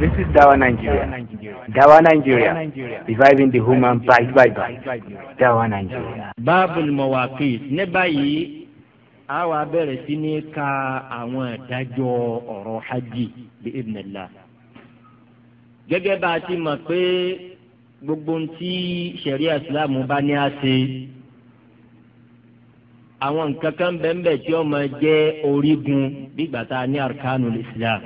This is Dawa Nigeria. Dawa Nigeria. Reviving the human bite by bite. Dawa Nigeria. Babul Mawakis. Ní báyìí, a wá ka àwọn ìdájọ́ ọ̀rọ̀ hajj bí ibnillah. Gẹ́gẹ́ bá a ti mọ̀ pé gbogbo ntí ṣẹ̀ríà Ìsìlámù bá ní a ṣe àwọn nǹkan kan bẹ́ẹ̀ bẹ́ẹ̀ tí ó máa jẹ́ orígun bí gbàtà ní arkanul Islam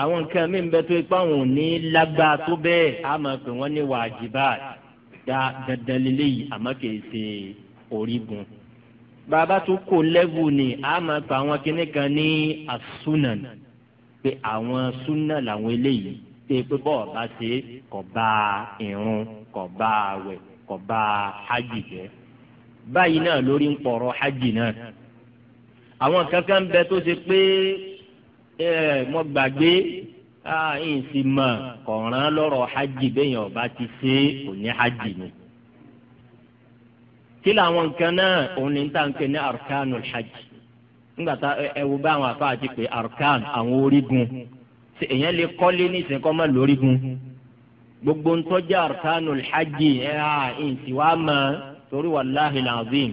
àwọn nǹkan mi ń bẹ tó ipá wọn ò ní lágbára tó bẹ́ẹ̀ á máa pè wọ́n ní wàjibá dandan lélẹ́yìí àmọ́ kìí ṣe orígun bàbá tó kó lẹ́wù ni a máa pa àwọn kinní kan ní asunan pé àwọn sunan làwọn eléyìí pé pé bọ́ọ̀ bá ṣe kọ̀ bá irun kọ̀ bá àwẹ̀ kọ̀ bá hajj jẹ́ báyìí náà lórí ń pọ̀rọ̀ hajj náà àwọn kankan bẹ tó ṣe pé ẹ mọ gbàgbé ẹyìn sì mọ kọ̀ọ̀ràn lọ́rọ̀ hajj bẹ́yìn ọba ti ṣe òní hajj ni. kí làwọn nǹkan náà òun ní ta nǹkan ní arkanu hajj nígbà tá ẹ wo bá àwọn afa àti pé arkan àwọn orígun ṣe lè kọ́lé nísìnyí kọ́ mọ́ lórígun gbogbo ntọ́jà arkanu hajj ẹ̀ ẹ̀yìn sì wá mọ́ torí wàláhìlázim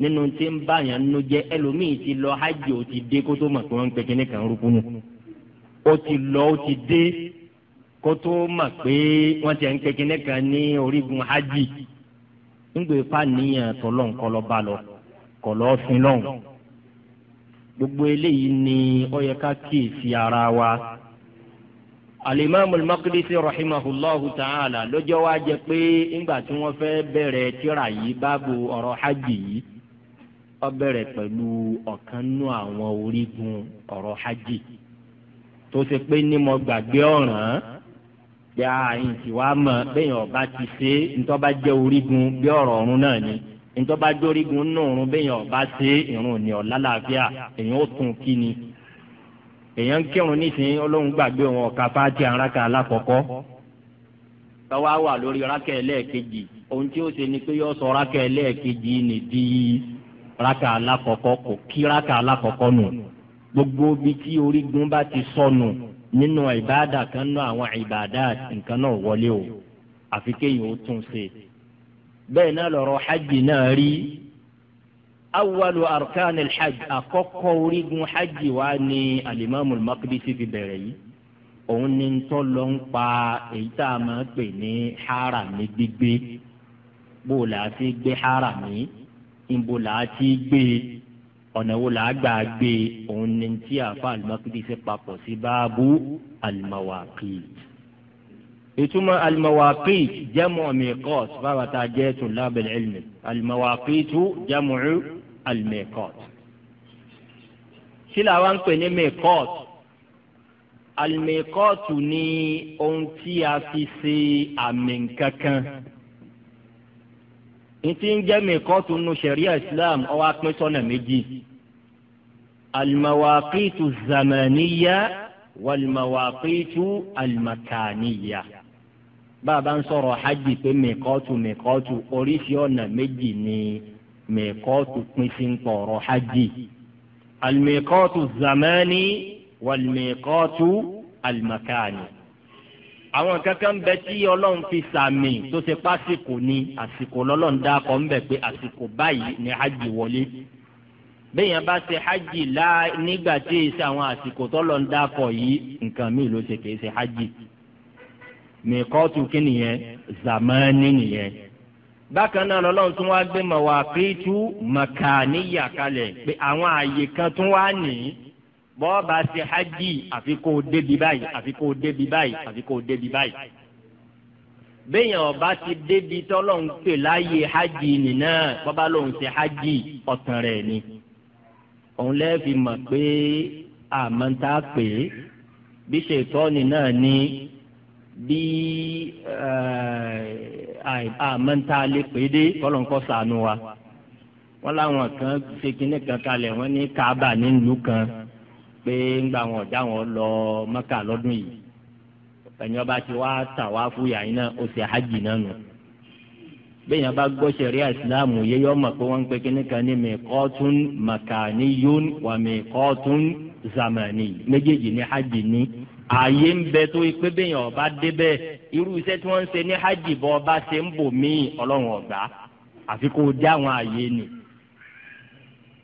nínú tí ń bá yàn nínú jẹ ẹlòmíì ti lọ hajj ó ti dé kó tó mọ̀ pé wọ́n ń pè kíní kan rúkúnù ó ti lọ ó ti dé kó tó pé wọ́n ti ń pè kíní kan ní orígun hajj ńgbè fàníyàn tọ́lọ́n kọlọ́ bá lọ kọlọ́ fin lọ́hùn gbogbo eléyìí ni ó yẹ ká kíyèsí ara wa alimami al-Maqdisi ta'ala lọ́jọ́ wa jẹ́ pé ńgbà tí wọ́n fẹ́ bẹ̀rẹ̀ tírà yìí báàbù ọ̀rọ̀ hajj yìí ó bẹ̀rẹ̀ pẹ̀lú ọ̀kan nú àwọn orígun ọ̀rọ̀ hajj tó ṣe pé ní mo gbàgbé ọ̀ràn bí a yìí ti wá mọ̀ bẹ́yìn ọba ti ṣe ntọ́ bá jẹ́ orígun bí ọ̀rọ̀ ọ̀run náà ni ntọ́ bá jẹ́ orígun nú ọ̀run bẹ́yìn ọba ṣe ìrun ní ọ̀la làáfíà èyàn ó tún kí ni èyàn ń kírun nísìnyí ọlọ́run gbàgbé wọn ọ̀ka fáti àràkà alákọ̀ọ́kọ́ tọ́wá wà lórí rákẹ́ ẹlẹ́ẹ̀kejì ohun tí ó ṣe ni pé yọ sọ rákẹ́ ẹlẹ́ẹ̀kejì nìdí raka alakọkọ kò kí raka alakọkọ nù gbogbo bí tí orígun bá ti sọnù nínú ìbáàdà kan náà àwọn ìbáàdà nǹkan náà wọlé o àfi kéèyàn ó tún ṣe bẹ́ẹ̀ náà lọ́rọ̀ hajj náà rí awalu arkan alhajj àkọ́kọ́ orígun hajj wa ni alimami makidisi fi bẹ̀rẹ̀ yìí òun ni ntọ́ lọ ń pa èyí tá a máa pè ní harami bó o là fi gbé harami ìbò làá ti gbé ọ̀nà wo làá gbà gbé òun ni tí àfa alimakidi ṣe papọ̀ sí báàbù alimawaki. ìtumọ̀ alimawaki jẹ́mu miqat báwa ta jẹ́ tún lábẹ́lẹ́ ilmi alimawaki tu jẹ́mu alimiqat. kí làwọn ń pè ní miqat alimikọ́ọ̀tù ni ohun tí a fi ṣe àmì kankan ntí ń jẹ́ mẹ́kọ́tù nu sẹ̀ríà islam ó wá pín sọ́nà méjì alimawakitu zamaniya walimawakitu alimakaniya bàbá ń sọ̀rọ̀ hajj pé mẹ́kọ́tù mẹ́kọ́tù oríṣi ọ̀nà méjì ni mẹ́kọ́tù pín sí ń pọ̀rọ̀ hajj alimẹ́kọ́tù zamani walimẹ́kọ́tù alimakani àwọn nǹkan kan bẹ tí ọlọ́run fi sàmì tó ṣe pásìkò ni àsìkò lọ́lọ́run dákọ̀ ń bẹ̀ pé àsìkò báyìí ni hajj wọlé bẹ́ẹ̀yàn bá ṣe hajj lá nígbà tí èsì àwọn àsìkò tọ́lọ́run dákọ̀ yìí nǹkan míì ló ṣe kì í ṣe hajj mìkọ́tù kí nìyẹn zamani nìyẹn bákan náà lọ́lọ́run tún wá gbé mọ̀wá kí tú màkà níyà kalẹ̀ pé àwọn àyè kan tún wá nìyí bọ́ọ̀bà ṣe hajj àfi kó o débi báyìí àfi kó o débi báyìí àfi kó o débi báyìí. béèyàn ọba ti débi tọ́lọ́hún pè láàyè hajj nìna bọ́ba lòun ṣe hajj ọ̀tàn rẹ̀ ni. òun lẹ́ẹ̀fi mọ̀ pé àmọ́ tá a pè é bí ṣètọ́ni náà ní bí àmọ́ tá a lè pè é dé kọ́lọ́ńkọ́ ṣàánú wa. wọ́n láwọn kan ṣe kinní kan kalẹ̀ wọ́n ní kaaba nílùú kan pé ńgbà wọn ọ̀dá wọn lọ mẹ́kà lọ́dún yìí ẹni ọba ti wá tà wá fúyà yín náà ó sì hajj náà nù. bẹ́ẹ̀yàn bá gbọ́ sẹ̀rí àìsíláàmù yé yọ mọ̀ pé wọ́n ń pe kíní kan ní mẹ́kọ́tún makaniyun wà mẹ́kọ́tún zamani méjèèjì ní hajj ní. ààyè ń bẹ tó pé bẹ́ẹ̀yàn ọba débẹ̀ irú iṣẹ́ tí wọ́n ń ṣe ní hajj bọ́ ọba ṣe ń bò míì ọlọ́run ọ̀gbá àfi kó àwọn ààyè nìí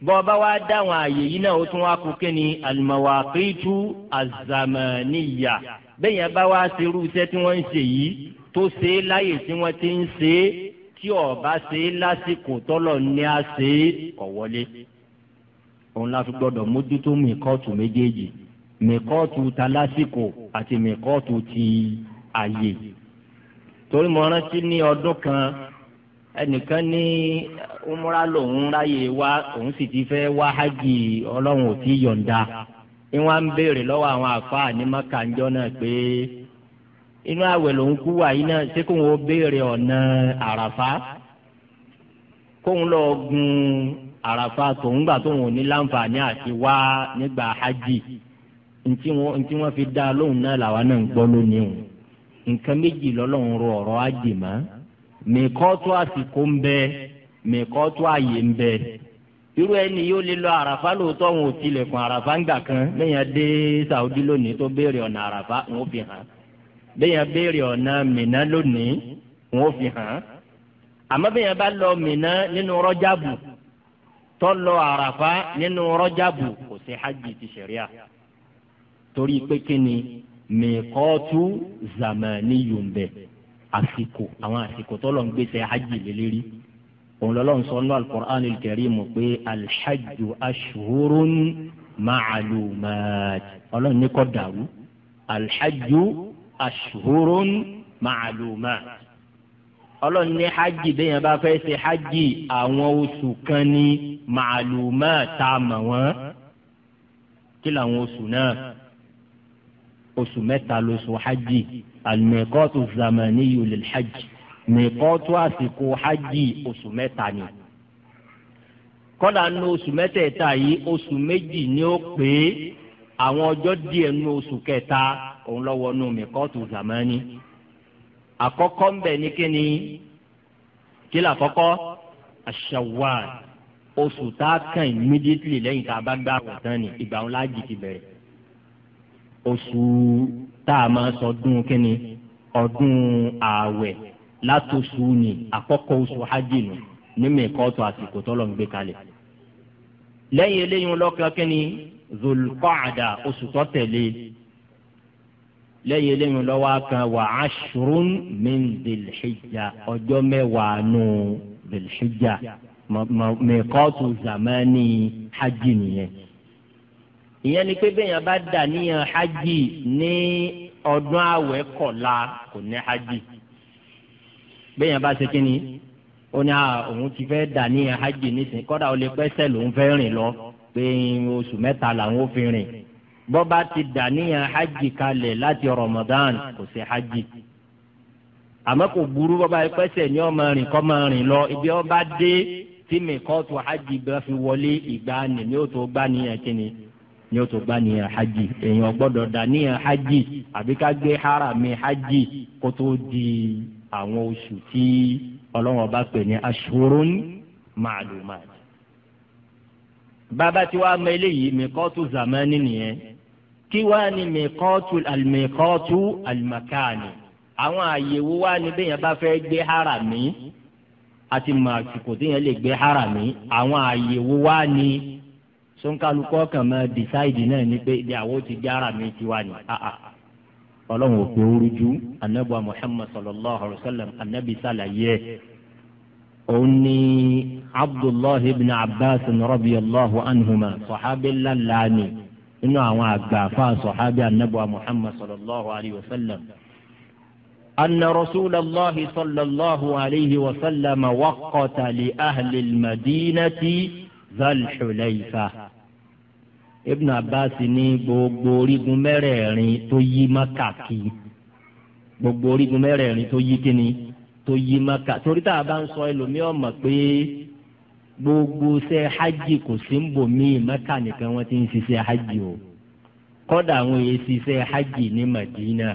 bọ́ọ̀bá wa dáhùn ààyè yìí náà ó tún wá kú kí ni al-mawaqitu az-zamaniyya bẹ́ẹ̀ yẹn bá wá serú iṣẹ́ tí wọ́n ń ṣe yìí tó ṣe é láyè tí wọ́n ti ń ṣe é tí ọ̀bá ṣe é lásìkò tọ́lọ̀ ní a ṣe é kọ̀ òun la fi gbọ́dọ̀ mójútó mìkọ́ọ̀tù méjèèjì mìkọ́ọ̀tù ta lásìkò àti mìkọ́ọ̀tù ti ààyè. torí mo rántí ní ọdún kan ẹnìkan ní umra lòun ráyè wá òun sì ti fẹ́ wá hajj ọlọ́run ò tí ì yọ̀ǹda ni wọ́n á ń béèrè lọ́wọ́ àwọn àfáà ní mọ́kànjọ́ náà pé inú àwẹ̀ lòun kú wà yìí náà ṣé kóun ó béèrè ọ̀nà àràfá kóun lọ gun àràfá tòun gbà tóun ò ní láǹfààní àti wá nígbà hajj ntí wọ́n fi dá lóhùn náà làwa náà ń gbọ́ lónìí o nǹkan méjì lọ́lọ́run rọ ọ̀rọ̀ àjèmọ́ mìkọ́tù àsìkò ń bẹ mìkọ́tù àyè ń bẹ irú ẹni yóò lè lọ àràfà lóòótọ́ wọn ò tilẹ̀kùn àràfà ńgbà kan lẹ́yìn dé Saudi lónìí tó béèrè ọ̀nà àràfà wọn ò fi hàn lẹ́yìn béèrè ọ̀nà Mínà lónìí wọn ò fi hàn àmọ́ bẹ́yìn bá lọ Mínà nínú rọ́jàbù tó lọ àràfà nínú rọ́jàbù kò sí hajj ti ṣẹ̀ríà torí pé kí ni mìkọ́tù zamani yùn bẹ́ẹ̀ àsìkò àwọn àsìkò tó lọ́n gbèsè hajj lélẹ́rí òun lọ́lọ́run sọ ní alukur'an kẹrí mu pé alhajju ashhurun ma'lumat ọlọ́run ní kọ́ dàrú alhajju ashhurun ma'lumat ọlọ́run ní hajj bẹ́yẹn bá fẹ́ ṣe hajj àwọn oṣù kan ní ma'lumat tá a mọ̀ wọ́n kí làwọn oṣù náà oṣù mẹ́ta lóṣù hajj almikọ́tù zamaniyu lil hajj mikọ́tù àsìkò hajj oṣù mẹ́ta ni. kọ́dà nu oṣù mẹ́tẹ̀ẹ̀ta yìí oṣù méjì ni ó pé àwọn ọjọ́ díẹ̀ nu oṣù kẹta òun lọ́wọ́ nu mikọ́tù zamani. àkọ́kọ́ ń bẹ ní kíni kí la kọ́kọ́ oṣù tá a kàn immediately lẹ́yìn tá a bá gbà wọ̀ tán ni ìgbà wọn láàjì ti bẹ̀rẹ̀ oṣù tá a máa sọdún kínní ọdún ààwẹ̀ látòṣù ni àkọ́kọ́ oṣù hajj nù ní mẹ́kọ́tù àsìkò tọ́lọ̀ ń gbé kalẹ̀. lẹ́yìn eléyìí lọ́kàn kínní zulqaada oṣù tó tẹ̀lé lẹ́yìn eléyìí lọ́wọ́ kan wà ashrun min zilhijja ọjọ́ mẹ́wàá nù zilhijja mẹ́kọ́tù zamani hajj nìyẹn ìyẹn ni pé bẹ́ẹ̀yàn bá dà níyàn hajj ní ọdún àwẹ̀ kọ̀la kò ní hajj bẹ́ẹ̀yàn bá ṣe kínní ó ní òun ti fẹ́ dà níyàn hajj nísìn kọ́dà ó lè pẹ́sẹ̀ lòún fẹ́ rìn lọ pé oṣù mẹ́ta làwọn ò fi rìn bọ́ bá ti dà níyàn hajj kalẹ̀ láti Ramadan kò sí hajj àmọ́ kò burú bọ́ bá pẹ́sẹ̀ ní ọmọ rìn kọ́ máa rìn lọ ibi ọba dé tí mi kọ́ tó hajj bá fi wọlé ìgbà nìyẹn tó gbá níyàn kínní ni ó tó gbá nìyẹn hajj èèyàn gbọ́dọ̀ dá nìyẹn hajj àbí ká gbé harami hajj kó tó di àwọn oṣù tí ọlọ́wọ́n bá pè ní ashurun ma'lumat. bàbá tí wàá mọ eléyìí mìkọ́tù zamani nìyẹn kí wàá ní mìkọ́tù àlùmìkọ́tù àlùmàkàní àwọn àyèwò wàá ní bẹ́ẹ̀ yẹn bá fẹ́ gbé harami àti màsìkò tí yẹn lè gbé harami àwọn àyèwò wàá ní sọ́nkálukọ́ kan máa dìsáìdì náà ni pé ibi àwọn ti di ara mi ti wá ní àà ah, ah. ọlọ́run ò pé orújú anabuwa muhammad sallallahu alayhi wa sallam anabi sàlàyé òun ni abdullahi ibn abbas radiyallahu anhuma sọ̀hábí lálàání inú àwọn àgbààfà sọ̀hábí anabuwa muhammad sallallahu alayhi wa sallam. أن رسول الله صلى الله عليه وسلم وقت لأهل المدينة ذا الحليفة Ibn Abbas ní gbogbo orígun mẹ́rẹ̀ẹ̀rin tó yí maka kí gbogbo orígun mẹ́rẹ̀ẹ̀rin tó yí kíni tó yí maka torí tá a bá ń sọ ẹlòmíràn mọ̀ pé gbogbo se hajj kò sí ń bò míì maka nìkan wọ́n ti ń ṣiṣẹ́ hajj o kọ́dà àwọn èyí ṣiṣẹ́ hajj ní Madina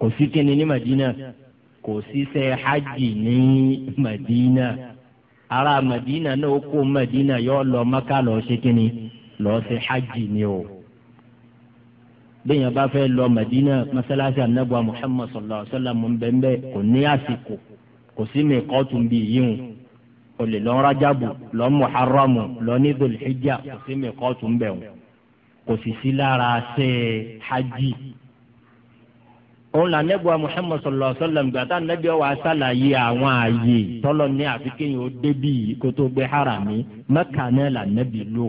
kò sí kíni ní Madina kò ṣiṣẹ́ hajj ní Madina. ará Madina náà ó kó Madina yóò lọ Maka lọ ṣe kínní lọ ṣe hajj ni o bẹ́ẹ̀yàn bá fẹ́ lọ Madina masalasi anabuwa Muhammad sallallahu alaihi wa sallam bẹ́ẹ̀ kò ní àsìkò kò sí mi kọ́ọ̀tù bíi yíwù o lè lọ Rajabu lọ Muharramu lọ ní Dhul kò sí mi kọ́ọ̀tù bẹ́ẹ̀ kò sì sí lára ṣe hajj òun là nẹ́gbọ́ muhammed sallallahu alaihi wa sallam gbàtà nẹ́bí wa sàlàyé àwọn ààyè tọ́lọ́ ní àfikẹ́yìn ó débì kótó gbé harami mẹ́kànnẹ́ là nẹ́bí lò.